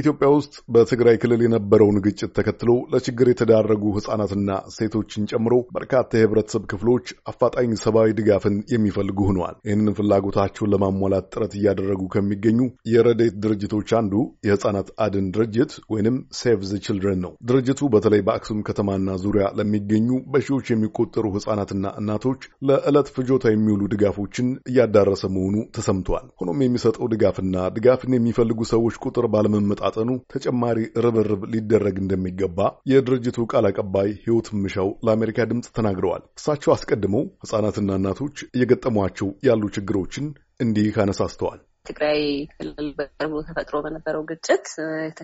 ኢትዮጵያ ውስጥ በትግራይ ክልል የነበረውን ግጭት ተከትሎ ለችግር የተዳረጉ ሕጻናትና ሴቶችን ጨምሮ በርካታ የህብረተሰብ ክፍሎች አፋጣኝ ሰብአዊ ድጋፍን የሚፈልጉ ሆነዋል። ይህንን ፍላጎታቸውን ለማሟላት ጥረት እያደረጉ ከሚገኙ የረዴት ድርጅቶች አንዱ የሕጻናት አድን ድርጅት ወይንም ሴቭ ዘ ችልድረን ነው። ድርጅቱ በተለይ በአክሱም ከተማና ዙሪያ ለሚገኙ በሺዎች የሚቆጠሩ ሕጻናትና እናቶች ለዕለት ፍጆታ የሚውሉ ድጋፎችን እያዳረሰ መሆኑ ተሰምቷል። ሆኖም የሚሰጠው ድጋፍና ድጋፍን የሚፈልጉ ሰዎች ቁጥር ባለመመጣ ለማመጣጠኑ ተጨማሪ ርብርብ ሊደረግ እንደሚገባ የድርጅቱ ቃል አቀባይ ሕይወት ምሻው ለአሜሪካ ድምፅ ተናግረዋል። እሳቸው አስቀድመው ሕጻናትና እናቶች እየገጠሟቸው ያሉ ችግሮችን እንዲህ አነሳስተዋል። ትግራይ ክልል በቅርቡ ተፈጥሮ በነበረው ግጭት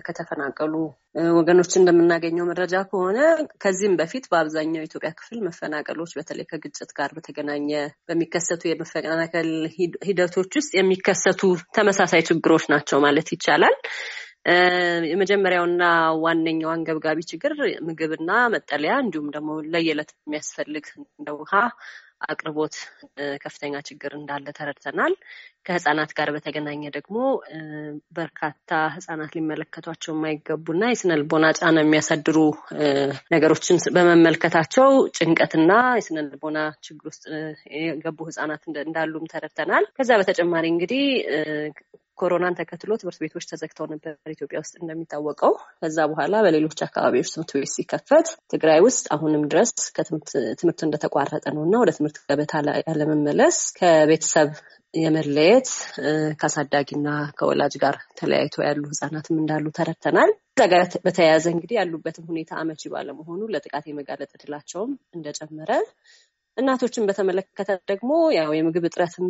ከተፈናቀሉ ወገኖች እንደምናገኘው መረጃ ከሆነ ከዚህም በፊት በአብዛኛው የኢትዮጵያ ክፍል መፈናቀሎች በተለይ ከግጭት ጋር በተገናኘ በሚከሰቱ የመፈናቀል ሂደቶች ውስጥ የሚከሰቱ ተመሳሳይ ችግሮች ናቸው ማለት ይቻላል። የመጀመሪያውና ዋነኛው አንገብጋቢ ችግር ምግብና መጠለያ እንዲሁም ደግሞ ለየዕለት የሚያስፈልግ እንደ ውሃ አቅርቦት ከፍተኛ ችግር እንዳለ ተረድተናል። ከህጻናት ጋር በተገናኘ ደግሞ በርካታ ህጻናት ሊመለከቷቸው የማይገቡና የስነ ልቦና ጫና የሚያሳድሩ ነገሮችን በመመልከታቸው ጭንቀትና የስነ ልቦና ችግር ውስጥ የገቡ ህጻናት እንዳሉም ተረድተናል። ከዚያ በተጨማሪ እንግዲህ ኮሮናን ተከትሎ ትምህርት ቤቶች ተዘግተው ነበር ኢትዮጵያ ውስጥ እንደሚታወቀው። ከዛ በኋላ በሌሎች አካባቢዎች ትምህርት ቤት ሲከፈት ትግራይ ውስጥ አሁንም ድረስ ትምህርት እንደተቋረጠ ነው እና ወደ ትምህርት ገበታ ያለመመለስ ከቤተሰብ የመለየት ከአሳዳጊና ከወላጅ ጋር ተለያይቶ ያሉ ህጻናትም እንዳሉ ተረድተናል። እዛ ጋር በተያያዘ እንግዲህ ያሉበትም ሁኔታ አመቺ ባለመሆኑ ለጥቃት የመጋለጥ እድላቸውም እንደጨመረ እናቶችን በተመለከተ ደግሞ ያው የምግብ እጥረትም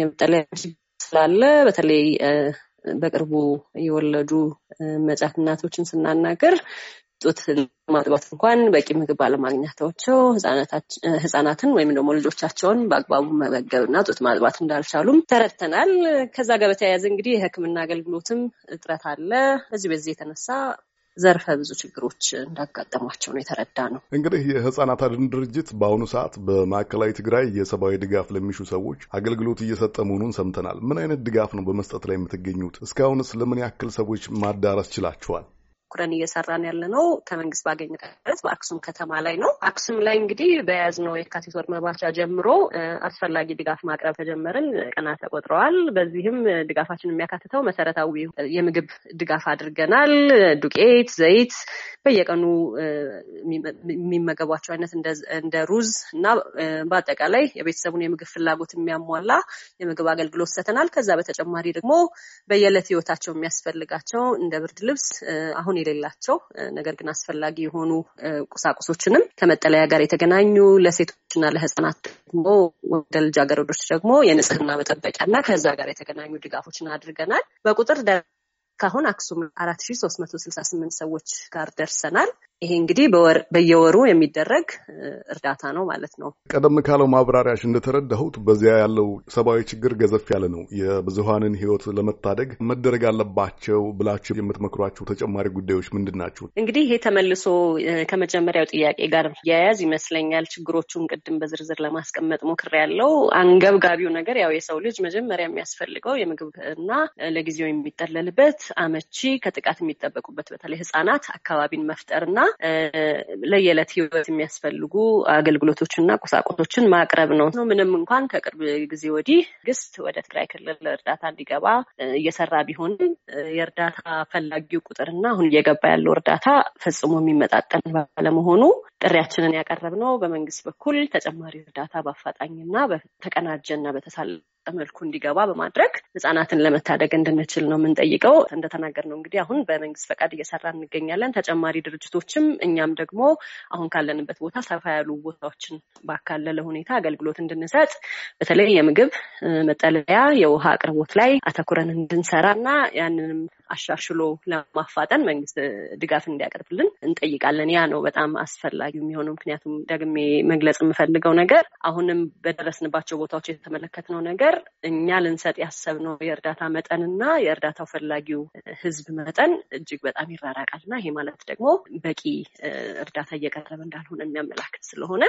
የመጠለያ ስላለ በተለይ በቅርቡ የወለዱ መጫት እናቶችን ስናናገር ጡት ማጥባት እንኳን በቂ ምግብ ባለማግኘታቸው ህጻናትን ወይም ደግሞ ልጆቻቸውን በአግባቡ እና ጡት ማጥባት እንዳልቻሉም ተረድተናል። ከዛ ጋር በተያያዘ እንግዲህ የሕክምና አገልግሎትም እጥረት አለ። በዚህ በዚህ የተነሳ ዘርፈ ብዙ ችግሮች እንዳጋጠሟቸው ነው የተረዳ ነው። እንግዲህ የህጻናት አድን ድርጅት በአሁኑ ሰዓት በማዕከላዊ ትግራይ የሰብአዊ ድጋፍ ለሚሹ ሰዎች አገልግሎት እየሰጠ መሆኑን ሰምተናል። ምን አይነት ድጋፍ ነው በመስጠት ላይ የምትገኙት? እስካሁንስ ለምን ያክል ሰዎች ማዳረስ ችላችኋል? ኩረን እየሰራን ያለ ነው ከመንግስት ባገኘ ጥረት በአክሱም ከተማ ላይ ነው። አክሱም ላይ እንግዲህ በያዝነው የካቲት ወር መባቻ ጀምሮ አስፈላጊ ድጋፍ ማቅረብ ከጀመርን ቀናት ተቆጥረዋል። በዚህም ድጋፋችን የሚያካትተው መሰረታዊ የምግብ ድጋፍ አድርገናል። ዱቄት፣ ዘይት፣ በየቀኑ የሚመገቧቸው አይነት እንደ ሩዝ እና በአጠቃላይ የቤተሰቡን የምግብ ፍላጎት የሚያሟላ የምግብ አገልግሎት ሰተናል። ከዛ በተጨማሪ ደግሞ በየዕለት ህይወታቸው የሚያስፈልጋቸው እንደ ብርድ ልብስ አሁን መሆን የሌላቸው ነገር ግን አስፈላጊ የሆኑ ቁሳቁሶችንም ከመጠለያ ጋር የተገናኙ ለሴቶችና ለህፃናት ደግሞ ወደ ልጃገረዶች ደግሞ የንጽህና መጠበቂያና ከዛ ጋር የተገናኙ ድጋፎችን አድርገናል። በቁጥር ካሁን አክሱም አራት ሺ ሶስት መቶ ስልሳ ስምንት ሰዎች ጋር ደርሰናል። ይሄ እንግዲህ በየወሩ የሚደረግ እርዳታ ነው ማለት ነው። ቀደም ካለው ማብራሪያሽ እንደተረዳሁት በዚያ ያለው ሰብአዊ ችግር ገዘፍ ያለ ነው። የብዙሀንን ህይወት ለመታደግ መደረግ አለባቸው ብላችሁ የምትመክሯቸው ተጨማሪ ጉዳዮች ምንድን ናቸው? እንግዲህ ይሄ ተመልሶ ከመጀመሪያው ጥያቄ ጋር ያያዝ ይመስለኛል። ችግሮቹን ቅድም በዝርዝር ለማስቀመጥ ያለው አንገብጋቢው ነገር ያው የሰው ልጅ መጀመሪያ የሚያስፈልገው የምግብ እና ለጊዜው የሚጠለልበት አመቺ ከጥቃት የሚጠበቁበት በተለይ ህጻናት አካባቢን መፍጠርና ለየዕለት ህይወት የሚያስፈልጉ አገልግሎቶችና ቁሳቁሶችን ማቅረብ ነው። ምንም እንኳን ከቅርብ ጊዜ ወዲህ ግስት ወደ ትግራይ ክልል እርዳታ እንዲገባ እየሰራ ቢሆንም የእርዳታ ፈላጊው ቁጥርና አሁን እየገባ ያለው እርዳታ ፈጽሞ የሚመጣጠን ባለመሆኑ ጥሪያችንን ያቀረብነው በመንግስት በኩል ተጨማሪ እርዳታ በአፋጣኝና በተቀናጀና በተሳለ መልኩ እንዲገባ በማድረግ ህጻናትን ለመታደግ እንድንችል ነው የምንጠይቀው። እንደተናገር ነው እንግዲህ አሁን በመንግስት ፈቃድ እየሰራ እንገኛለን። ተጨማሪ ድርጅቶችም እኛም ደግሞ አሁን ካለንበት ቦታ ሰፋ ያሉ ቦታዎችን ባካለለ ሁኔታ አገልግሎት እንድንሰጥ በተለይ የምግብ መጠለያ፣ የውሃ አቅርቦት ላይ አተኩረን እንድንሰራ እና ያንንም አሻሽሎ ለማፋጠን መንግስት ድጋፍ እንዲያቀርብልን እንጠይቃለን። ያ ነው በጣም አስፈላጊ የሚሆነው። ምክንያቱም ደግሜ መግለጽ የምፈልገው ነገር አሁንም በደረስንባቸው ቦታዎች የተመለከትነው ነገር እኛ ልንሰጥ ያሰብነው የእርዳታ መጠንና የእርዳታው ፈላጊው ህዝብ መጠን እጅግ በጣም ይራራቃል እና ይሄ ማለት ደግሞ በቂ እርዳታ እየቀረበ እንዳልሆነ የሚያመላክት ስለሆነ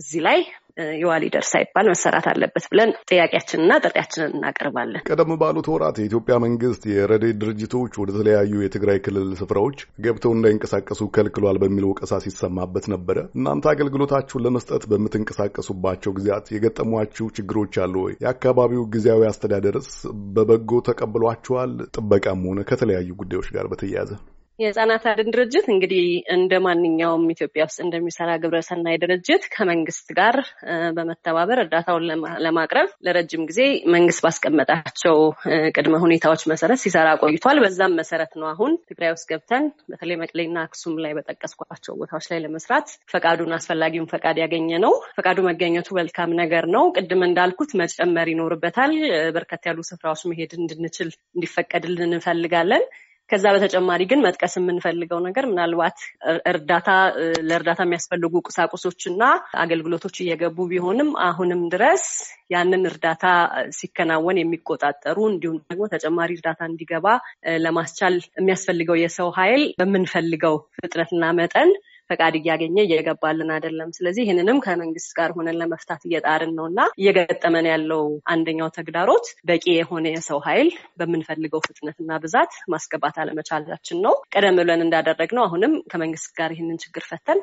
እዚህ ላይ የዋ ሊደር ሳይባል መሰራት አለበት ብለን ጥያቄያችንና ጥሪያችንን እናቀርባለን። ቀደም ባሉት ወራት የኢትዮጵያ መንግስት የረዴ ድርጅቱ ሰዎች ወደ ተለያዩ የትግራይ ክልል ስፍራዎች ገብተው እንዳይንቀሳቀሱ ከልክሏል በሚል ወቀሳ ሲሰማበት ነበረ። እናንተ አገልግሎታችሁን ለመስጠት በምትንቀሳቀሱባቸው ጊዜያት የገጠሟችሁ ችግሮች አሉ ወይ? የአካባቢው ጊዜያዊ አስተዳደርስ በበጎ ተቀብሏችኋል? ጥበቃም ሆነ ከተለያዩ ጉዳዮች ጋር በተያያዘ የህጻናት አድን ድርጅት እንግዲህ እንደ ማንኛውም ኢትዮጵያ ውስጥ እንደሚሰራ ግብረሰናይ ድርጅት ከመንግስት ጋር በመተባበር እርዳታውን ለማቅረብ ለረጅም ጊዜ መንግስት ባስቀመጣቸው ቅድመ ሁኔታዎች መሰረት ሲሰራ ቆይቷል። በዛም መሰረት ነው አሁን ትግራይ ውስጥ ገብተን በተለይ መቅሌና አክሱም ላይ በጠቀስኳቸው ቦታዎች ላይ ለመስራት ፈቃዱን አስፈላጊውን ፈቃድ ያገኘ ነው። ፈቃዱ መገኘቱ መልካም ነገር ነው። ቅድም እንዳልኩት መጨመር ይኖርበታል። በርከት ያሉ ስፍራዎች መሄድ እንድንችል እንዲፈቀድልን እንፈልጋለን። ከዛ በተጨማሪ ግን መጥቀስ የምንፈልገው ነገር ምናልባት እርዳታ ለእርዳታ የሚያስፈልጉ ቁሳቁሶችና አገልግሎቶች እየገቡ ቢሆንም አሁንም ድረስ ያንን እርዳታ ሲከናወን የሚቆጣጠሩ እንዲሁም ደግሞ ተጨማሪ እርዳታ እንዲገባ ለማስቻል የሚያስፈልገው የሰው ኃይል በምንፈልገው ፍጥነትና መጠን ፈቃድ እያገኘ እየገባልን አይደለም። ስለዚህ ይህንንም ከመንግስት ጋር ሆነን ለመፍታት እየጣርን ነው እና እየገጠመን ያለው አንደኛው ተግዳሮት በቂ የሆነ የሰው ኃይል በምንፈልገው ፍጥነትና ብዛት ማስገባት አለመቻላችን ነው። ቀደም ብለን እንዳደረግነው አሁንም ከመንግስት ጋር ይህንን ችግር ፈተን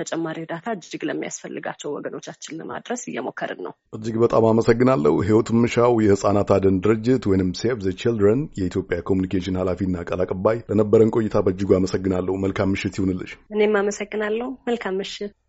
ተጨማሪ እርዳታ እጅግ ለሚያስፈልጋቸው ወገኖቻችን ለማድረስ እየሞከርን ነው። እጅግ በጣም አመሰግናለሁ። ህይወት ምሻው የህፃናት አድን ድርጅት ወይም ሴቭ ዘ ችልድረን የኢትዮጵያ ኮሚኒኬሽን ኃላፊና ቃል አቀባይ ለነበረን ቆይታ በእጅጉ አመሰግናለሁ። መልካም ምሽት ይሁንልሽ። እኔም አመሰግናለሁ። መልካም ምሽት።